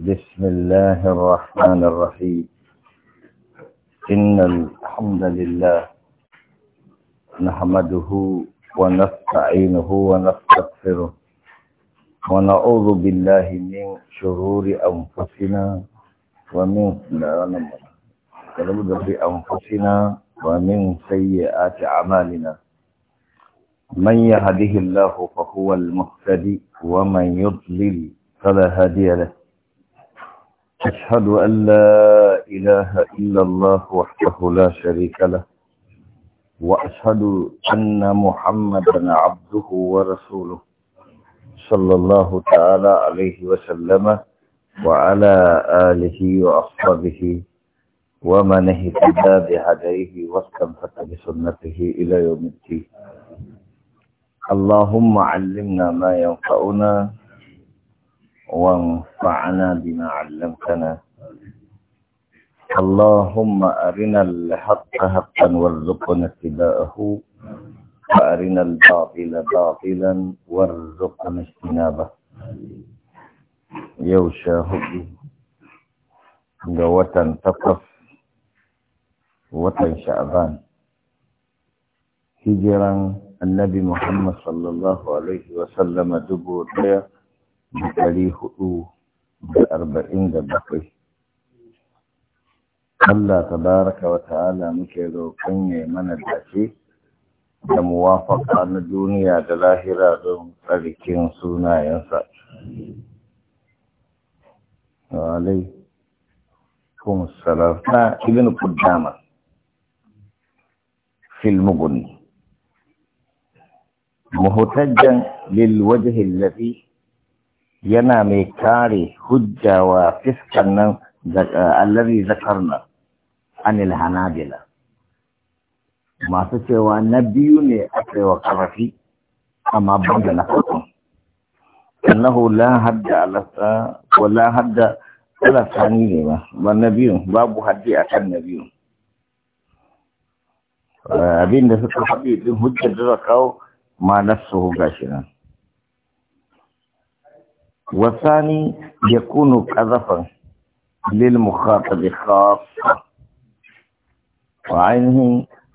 بسم الله الرحمن الرحيم إن الحمد لله نحمده ونستعينه ونستغفره ونعوذ بالله من شرور أنفسنا ومن أنفسنا ومن سيئات أعمالنا من يهده الله فهو المهتدي ومن يضلل فلا هادي له أشهد أن لا إله إلا الله وحده لا شريك له وأشهد أن محمدا عبده ورسوله صلى الله تعالى عليه وسلم وعلى آله وأصحابه ومن اهتدى بهديه واستنفت بسنته إلى يوم الدين اللهم علمنا ما ينفعنا وانفعنا بما علمتنا اللهم أرنا الحق حقا وارزقنا اتباعه وأرنا الباطل باطلا وارزقنا اجتنابه يوشا هدي قوة تقف watan sha'ban النبي محمد صلى الله عليه وسلم dubu daya ɗari hudu da arba'in da bakwai. Allah ta baraka wa ta'ala muke roƙon ya mana dace da muwafaka na duniya da lahira don tsarkin sunayensa. Walai, kuma salafa ibn Kudama, filmugun, muhutajjan lil lafi yana mai kare hujja wa fiskan nan eh, allazi zakarna anil hanabila masu cewa na biyu ne a cewa karafi amma ban da na farko annahu la hadda alasa ko la hadda alasani ne ba ba na biyun babu haddi a kan na biyu. Eh, abin da suka faɗi din hujjar da kawo ma nasu shi nan wasani ya kunu ƙazafan lilmukhata bi khafa wa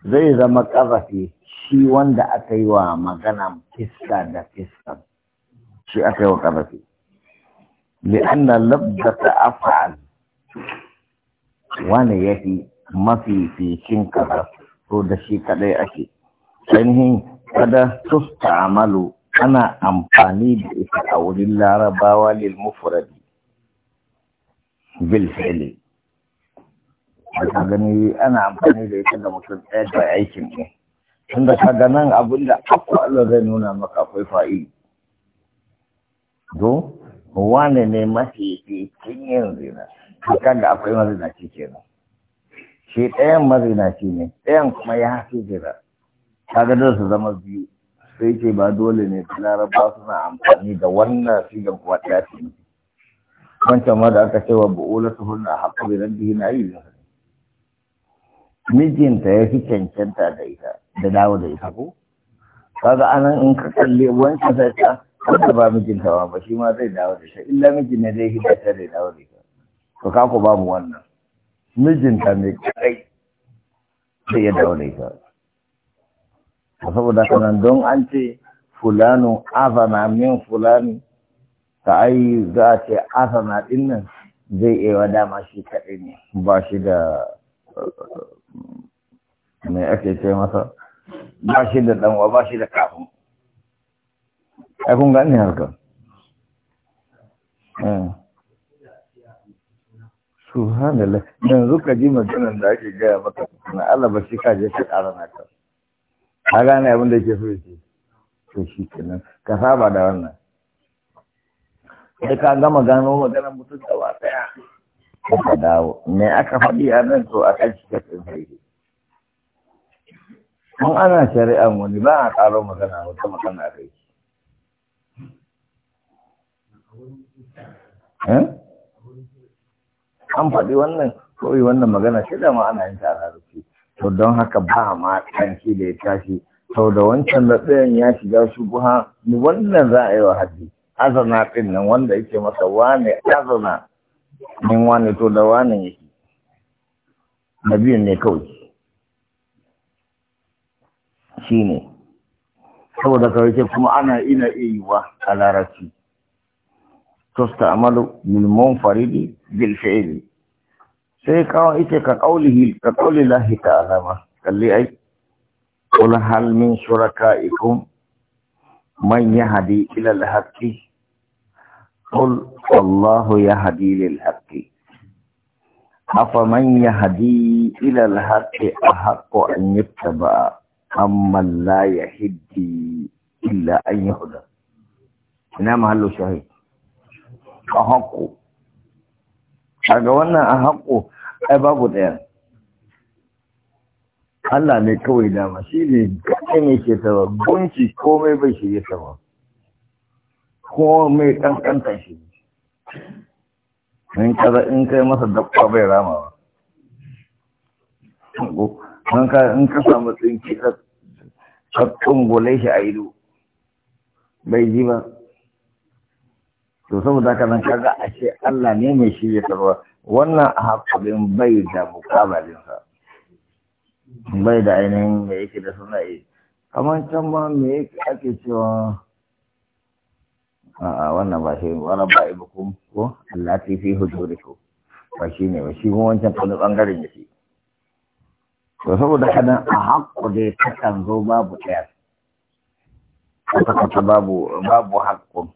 zai zama ƙazafi shi wanda aka yi wa magana fiska da fiska shi aka yi wa ƙazafi li'anna labda ta wani ya fi mafi fikin ƙazafi to da shi kaɗai ake ainihin kada su ta'amalu ana amfani da ita a wurin larabawa lil mufradi bil fi'li ka gani ana amfani da ita da mutum ɗaya da aikin ne tunda ka ga nan abin da akwai Allah zai nuna maka akwai fa'i do wane ne mafi fitin yin zina kan da akwai mazinaci kenan shi ɗayan mazinaci ne ɗayan kuma ya hafi zira kaga da su zama biyu sai ce ba dole ne laraba suna amfani da wannan sigan kuma ɗaya ce wancan ma da aka ce wa bu'ula su hulna a haƙa bi rabbi na yi mijinta ya fi cancanta da ita da dawo da ita ko kaga anan in ka kalli wancan sai ta wanda ba mijinta ba ba shi ma zai dawo da ita illa mijin ne zai hidda ta zai dawo da ita to ka ku babu wannan mijinta mai kai zai iya dawo da ita saboda kanan don an ce fulano azana min fulani ta ai za a ce azana din nan zai iya wada ma shi kaɗai ne ba shi da mai ake ce masa ba shi da ɗanwa ba shi da kafin aikun gani harka harkar eh. subhanallah yanzu ka ji maganin da ake gaya maka na Allah ba shi kaje shi ƙara na kan ka gane abin da ke so ya ce to shi kenan ka saba da wannan sai ka gama gano maganar mutum da ba daya ka dawo me aka faɗi a nan to a kan shi ka ne. Mun ana shari'an wani ba a ƙaro magana wata magana a kai eh? an faɗi wannan kawai wannan magana shi da ma ana yin ta a larabci to don haka ba ma kanshi da ya tashi sau da wancan matsayin ya shiga shubuha ni wannan za a yi wa haji azana ɗin nan wanda yake masa wane azana min wane to da wane yake biyun ne kawai shi ne saboda kawai kuma ana ina iya yi wa a larabci تستعمل للمنفرد بالفعل sai kawo ita ka kaulihi ka kauli lahi ta'ala ma kalli ai qul hal min shuraka'ikum man yahdi ila al-haqqi qul wallahu yahdi lil haqqi أفمن يهدي إلى الحق أحق أن يتبع أمن لا يهدي إلا أن يهدى هنا محل الشهيد أحق kaga wannan a ai babu ɗaya Allah ne kawai dama shi ne kai ne ke tawa gunci komai bai shi ya ba komai ƙanƙanta shi in kaza in kai masa dabba bai rama ba in ka samu tsinki ka tsungule shi a ido bai ji ba to saboda haka nan kaga ashe Allah ne mai shirya tarwa wannan haƙurin bai da mukabalin sa bai da ainihin me yake da suna yi kamar can ma me yake ake cewa a'a wannan ba shi wannan ba ibukum ko Allah ta fi ko, ba shi ne ba shi kuma wancan wani bangaren yake to saboda haka nan a haƙƙo takan zo babu ɗaya a babu babu haƙƙo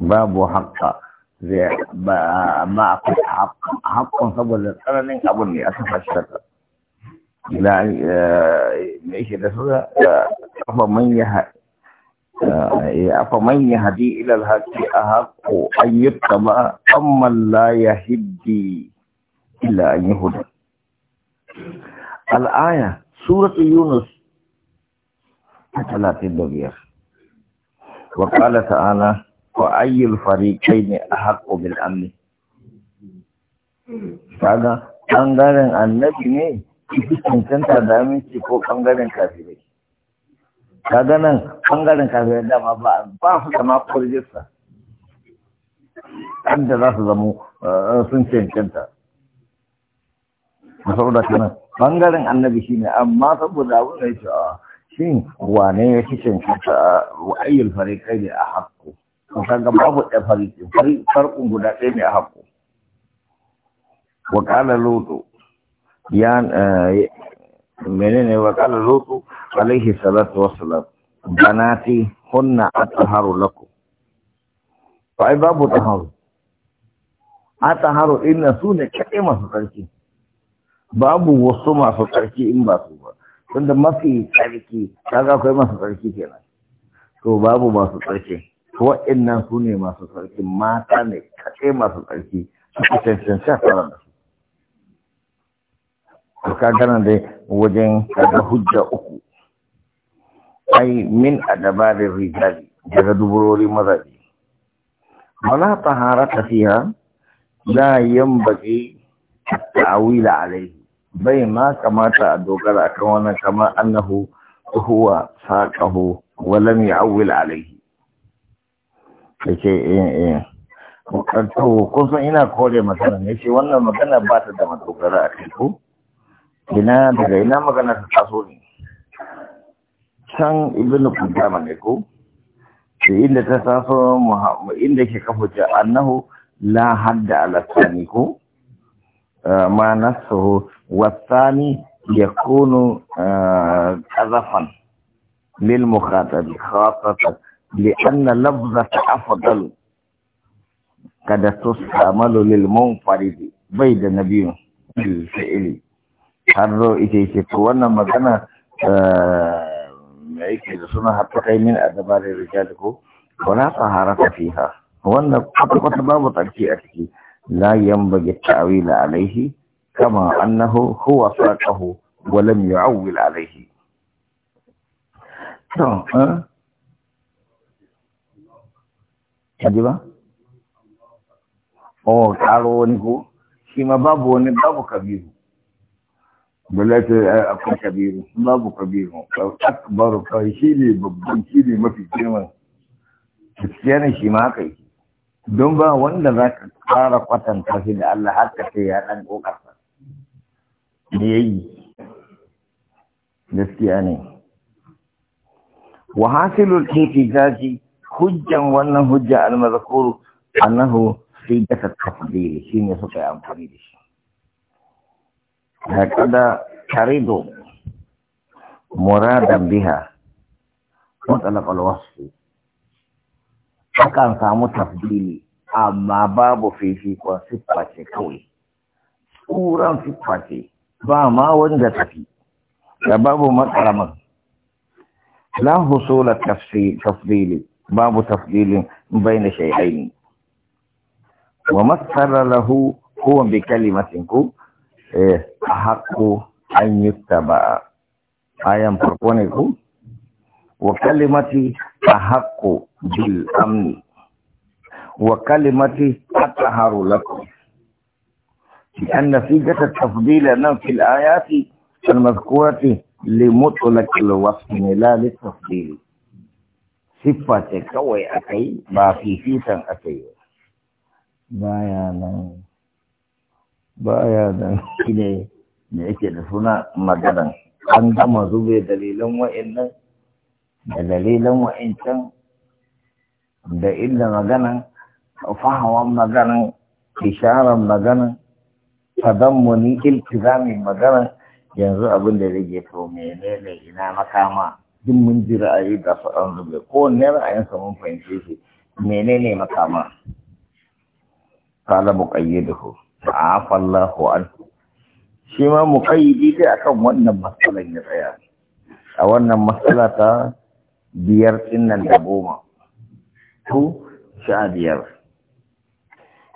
باب حق زي ما اقول حق حق قبل انا آه، من قبل لي اسف آه، اشتغل لا ايش الرسول افمن يهدي افمن يهدي الى الهدى احق ان يتبع اما لا يهدي الا ان يهدى الايه سوره يونس 33 وقال تعالى وأي الفريقين أحق بالأمن kaga ɓangaren annabi ne ki cancanta da aminci ko ɓangaren kafirai kaga nan ɓangaren kafirai dama ba ba su zama kurjista inda za su zamo sun cancanta saboda kana ɓangaren annabi shine amma saboda abin da ya shin wane ya fi cancanta wa ayyul fariqai ne a haƙƙo san ga babu da fariqi farqun guda ɗaya ne a haƙƙo wa qala lutu ya eh, menene wa qala lutu alaihi salatu wassalam banati hunna atharu lakum fa ai babu taharu atharu inna sunna kaima masu babu wasu masu sarki in ba su ba tunda mafi tsarki kaga akwai masu tsarki kenan to babu masu tsarki wa'annan su ne masu tsarki mata ne kaɗai masu tsarki cancan sha a da su to ka gana da wajen kaga hujja uku ai min a dabarin rijali daga duburori mazaje wala taharata fiha la yanbaghi at alaihi bai ma kamata a dogara akan wannan kama annahu huwa saqahu wa lam ya'awil alayhi kace eh eh to kun san ina kore magana ne ce wannan magana ba ta da madogara a kai ko ina daga ina magana ta taso ne can ibn kudama ne ko ce inda ta taso inda ke kafa annahu la hadda ala ko eh, ma nasu والثاني يكون قذفا للمخاطب خاصة لأن لفظة أفضل قد تستعمل للمنفرد بيد نبي بالفعل هرو إتيتي وانا مغانا aiki da suna hatta kai min a dabarar rijal ko wala taharata fiha wannan kwata babu tsarki a ciki la yanbaghi ta'wila alaihi كما أنه هو فاقه ولم يعول عليه كذبا أو قالوا نكو كما بابو نبابو كبير بلات أكو آه، كبير بابو كبير أكبر كهيلي ببون كيلي ما في كيما تسيانا شما كي دنبا وانا ذاك قارا قطن تهيد الله حتى تيانا وقفا da ya yi gaskiya ne wahasilul ihtijaji hujjan wannan hujja al-mazkur annahu sai da ta shine suka yi amfani da shi kada tarido muradan biha mutlaq al-wasf akan samu tafdili amma babu fifikon siffa ce kawai tsuran sifface ce ba ma wanda tafi da babu makaramin la husula tafdili babu tafdilin na shay'aini wa masara lahu kowa bi kalimatin ku eh, a haƙo an a ayan farko ne ku wa kalimati a haƙo bil amni wa kalimati ataharu lakum النتيجة التفضيل أنه في الآيات المذكورة لمطلق الوصف لا للتفضيل صفة كوي أكي ما في فيسا أكي بايا نعم بايا نعم كني نعيش نسونا مدنا عند مذوب دليل وإن دليل وإن كان دليل مدنا فهو مدنا إشارة مدنا tadammuni iltizamin magana yanzu abin da rage to menene ina makama duk mun ji ra'ayi da faɗan zube ko ne ra'ayin sa mun fahimce shi menene makama qala muqayyiduhu afa Allahu an shi ma muqayyidi dai akan wannan matsalan ya tsaya a wannan matsala ta biyar dinnan da goma ko sha biyar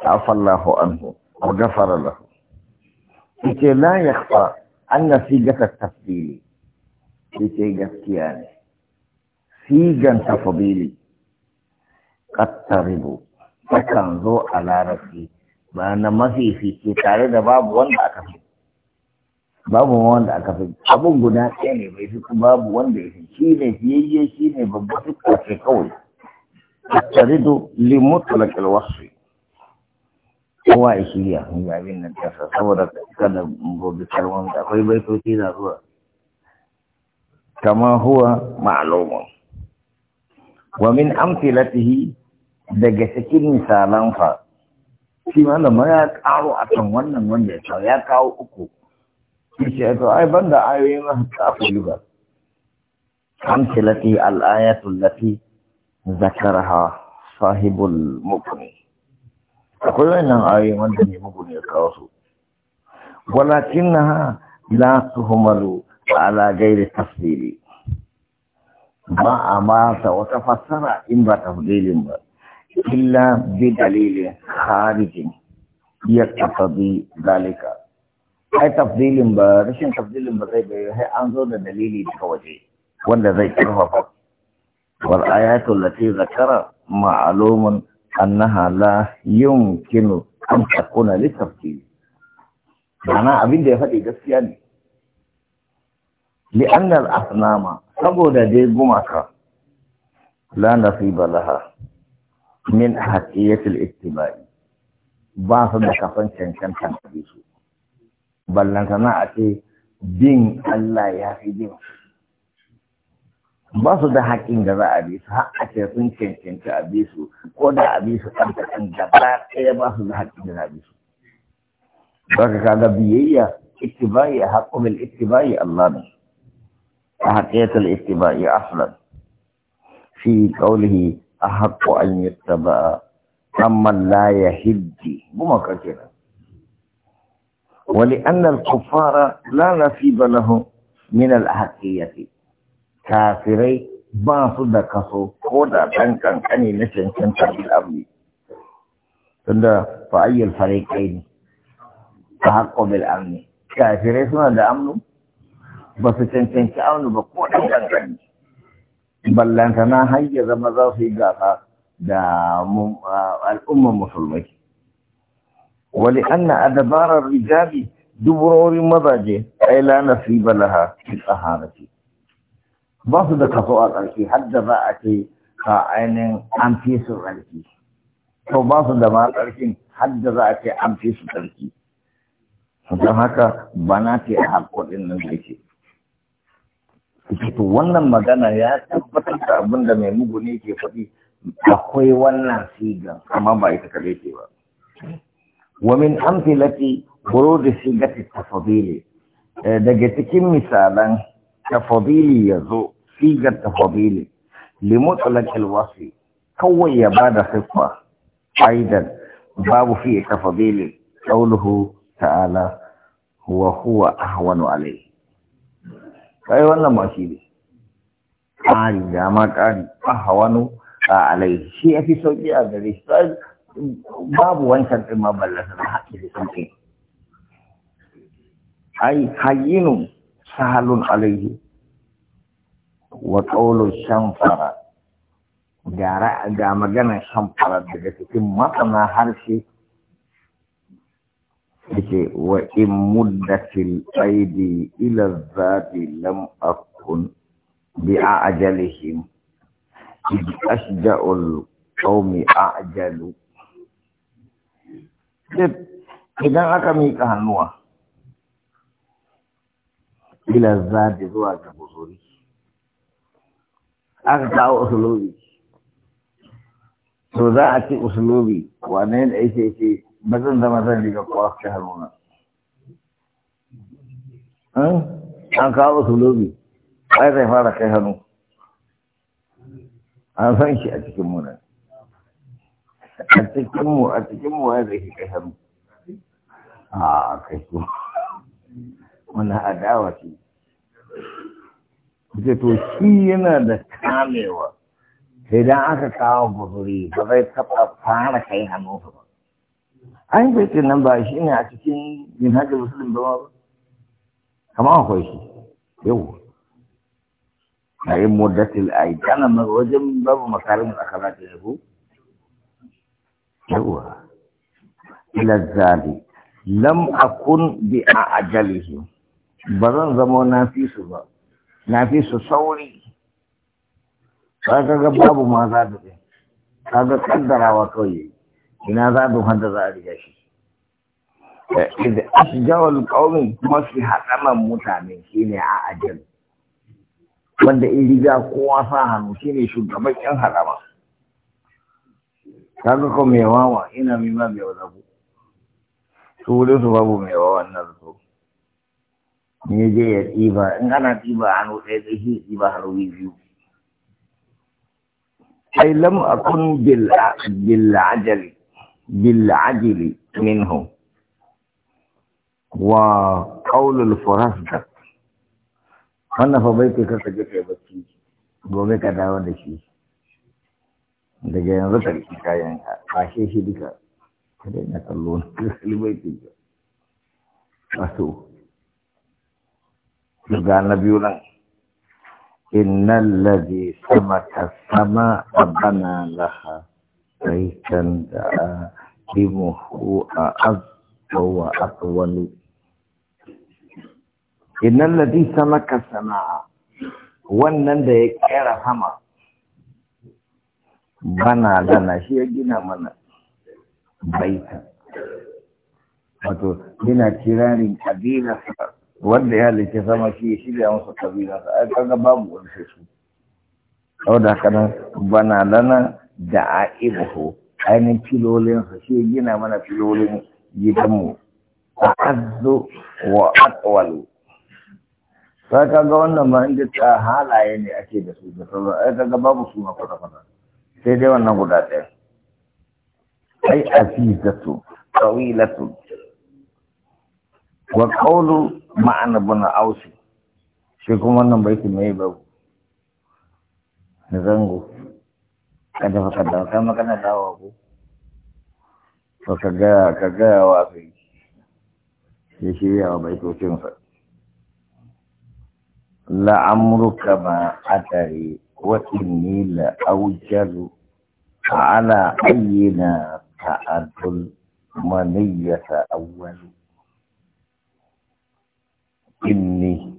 afa Allahu anhu wa ghafara lahu yake la na siga sigata tafili yake gaskiya ne sigan tafdili qattaribu takan zo a larabci ba na mafifici tare da babu wanda aka fi babu wanda aka fi abin guda ɗaya ne bai fi babu wanda ya fi shi ne fiyayye shi ne babba duk kawai tattaridu limutu da wasu kowa ya shirya ga abin nan tasa saboda kada gobe karwan akwai baitoci na zuwa kama huwa ma'lumun wa min amthilatihi daga cikin misalan fa shi malama ya karo akan wannan wanda ya kawo ya kawo uku shi to ai banda ayoyi ma ta kulu ba amthilati al lati zakaraha sahibul muqni akwai wannan ayoyin wanda ne mugun ya kawo su walakin na la humaru ala gairi tafsiri ba a masa wata fassara in ba tafsirin ba illa bi dalilin kharijin ya tafsiri dalika ai tafsirin ba rashin tafsirin ba zai bayyana sai an zo da dalili daga waje wanda zai karfafa wal ayatul lati zakara ma'lumun annaha la yumkinu an takuna litafti mana abin da ya faɗi gaskiya ne al asnama saboda dai gumaka la nasiba laha min al ittiba'i ba su da kafan kan su ballan a ce bin Allah ya fi bin su basu da haƙƙin da za a bi su har a ce sun cancanci a bi su ko da a bi su ɗan kaɗan gaba ɗaya ba su da haƙƙin da za a bi su ba ka kaga biyayya ittiba'i a haƙƙumin ittiba'i Allah ne a haƙƙetar ittiba'i aslan fi ƙaulihi a haƙƙo an yi taba amma la ya hiddi kuma ka kenan wali annal kufara la nasiba lahum min al-haqqiyati kafirai ba su da kaso ko da ɗan kankani na cancantar bil'amri tunda fa'ayyar fare kai ne ta haƙo bil'amri kafirai suna da amnu ba su cancanci amnu ba ko ɗan kankani ballantana hanyar zama za su yi gasa da al'ummar musulmai wali anna adabarar rijali duburorin mazaje ai la nasiba laha fi tsaharati ba su da kaso a ƙarshe har da za a ce ka ainihin an fi su ƙarfi to ba su da ma ƙarfin har da za a ce an fi su ƙarfi don haka bana ce a haƙoɗin nan da ke wannan magana ya tabbatar da abin da mai muguni ke faɗi akwai wannan sigan amma ba ita kaɗai ce ba wa min amfilati burudi sigati tafadili eh, daga cikin misalan tafadili ya zo sigar tafadili limutsalakil wasi kawai ya ba da sifa aidan babu fiye tafadili ƙauluhu ta'ala huwa huwa ahwanu alai kai wannan ma shi ne ƙari da ma ƙari a hawanu a alai shi ya fi sauƙi a gare shi babu wancan ɗin ma ballasa na haƙƙi da sauƙi ai hayyinu sahalun alaihi وطول الشنفرة جارع جامع جنا الشنفرة بجسك ما هرشي بجي وإن مدة الأيد إلى الذات لم أكن بأعجلهم إذ أشجع القوم أعجل جب أكمي كهنوا إلى الذات ذوات بزوري aka kawo usulobi to za a ce usulobi wane da yake ce ba zan zama zan riga kowa ta haruna hmm? an kawo usulobi ai zai fara kai hannu an san shi a cikin mu nan a cikin mu a cikin mu wai zai kai hannu a ah, kai ko wannan adawa ce جتو سینا د کامیو هدا که کاو بوری بغی سب افان کای همو فو این بیت نمبا شینا چکین دین حج مسلم بواب کما خوشی یو ای مدت الای کنا مروجم باب مکارم الاخرات یو یو الى الزالی لم اکن بی اعجلی بزن زمانا فی سباب na fi su sauri ka ga babu ma za da ɗin kaga kaddarawa kawai ina za da hada za a riga shi eh, idan kawai kuma mafi hadaman mutane shine a ajal wanda in riga kowa sa hannu shine shugaban yan hadama kaga ko mai wawa ina mai ma mai wadabu su wuri su babu mai wawa nan su. ne je ya ɗiba in ana ɗiba hannu ɗaya zai shi ɗiba hannu biyu ai lam akun bil bil ajali bil ajali minhu wa qaulul furasda wannan fa bai ke kasa je kai bacci gobe ka dawo da shi daga yanzu karki kayan ka kashe shi duka ka daina kallo na kalli bai ke wato juga na ulang. nan innal ladhi samata sama abana laha baitan da limuhu a wa atwalu innal ladhi samaka sama wannan da ya kera sama bana lana shi ya gina mana baita wato yana kirarin kabilarsa wanda ya halitta sama shi ya shirya masa kabila ta ai ga babu wani sai su haka nan bana lana da a aibuhu ainihin filolin sa shi gina mana filolin gidanmu a azu wa ta sai ga wannan ma inda ta halaye ne ake da su da sauran ai ga babu su ma kwata kwata sai dai wannan guda ɗaya ai azizatu tawilatu wa qawlu ma'ana bin ausi shi kuma wannan baiti mai ba. zango kada fa kada kai magana dawo ku to ka kaga wa fi shi shi ya cin sa la amruka ma atari wa inni la awjalu ala ayyina ta'addul maniyata awwalu inni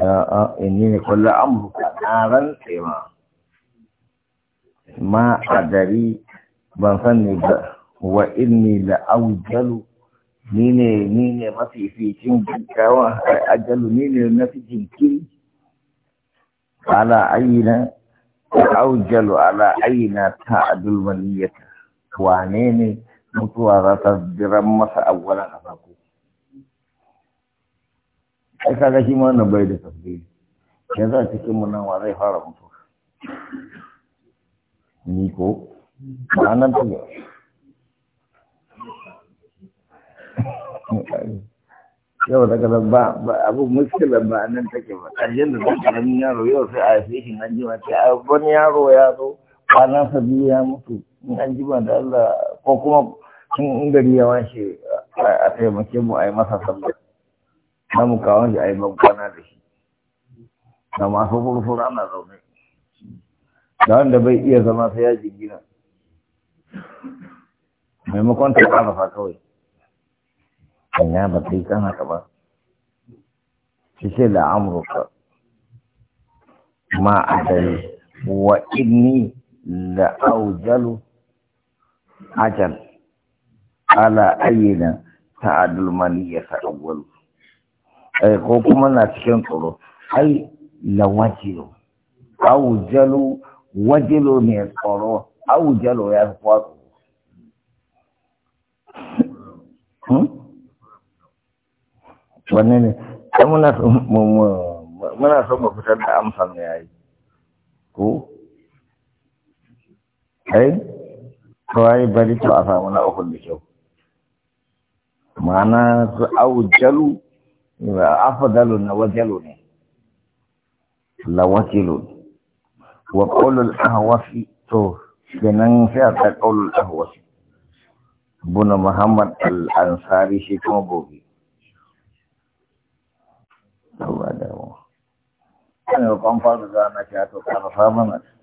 a'a inni ne kullu amruka na rantse ma ma adari ban sani ba wa inni la aujalu ni ne ni ne mafi ficin gaggawa ajalu ni ne na fi jinkiri ala ayyina aujalu ala ayina ta adul waliyata wane ne mutuwa za ta jiran masa awwalan ai kaga shi ma wannan bai da tasbiri yanzu a cikin mu nan wa zai fara mutu ni ko ba nan ta yau daga nan ba abu muskila ba nan take ba ƙarshen da ta ƙaramin yaro yau sai a haife shi an jima ce a wani yaro ya zo kwanan sa biyu ya mutu in an jima da Allah ko kuma in gari ya washe a taimake mu a yi masa sabbi samu kawon shi a yi bankwana da shi da masu furfura ana zaune da wanda bai iya zama sai ya jigina maimakon ta ƙarfa kawai kan ya ba ta yi kan haka ba shi ce da amurka ma a dare wa inni da aujalu ajal ala ayyana ta'adul mani ya sa'awwalu Eh, ko kuma na cikin tsoro ai lawajilo aujalu wajilo ne tsoro aujalo ya fi kwatsu hmm? wanne ne ta muna so mu fitar da amsa ne yayi ko ai kawai bari to a samu na ukun da kyau ma'ana su aujalu afdalun na wajalu ne la wajilu wa qawlul ahwasi to kenan sai ta al ahwasi bunu muhammad al ansari shi kuma gobe Allah da wa. Ana kwan fara zana shi a to fara fara mana.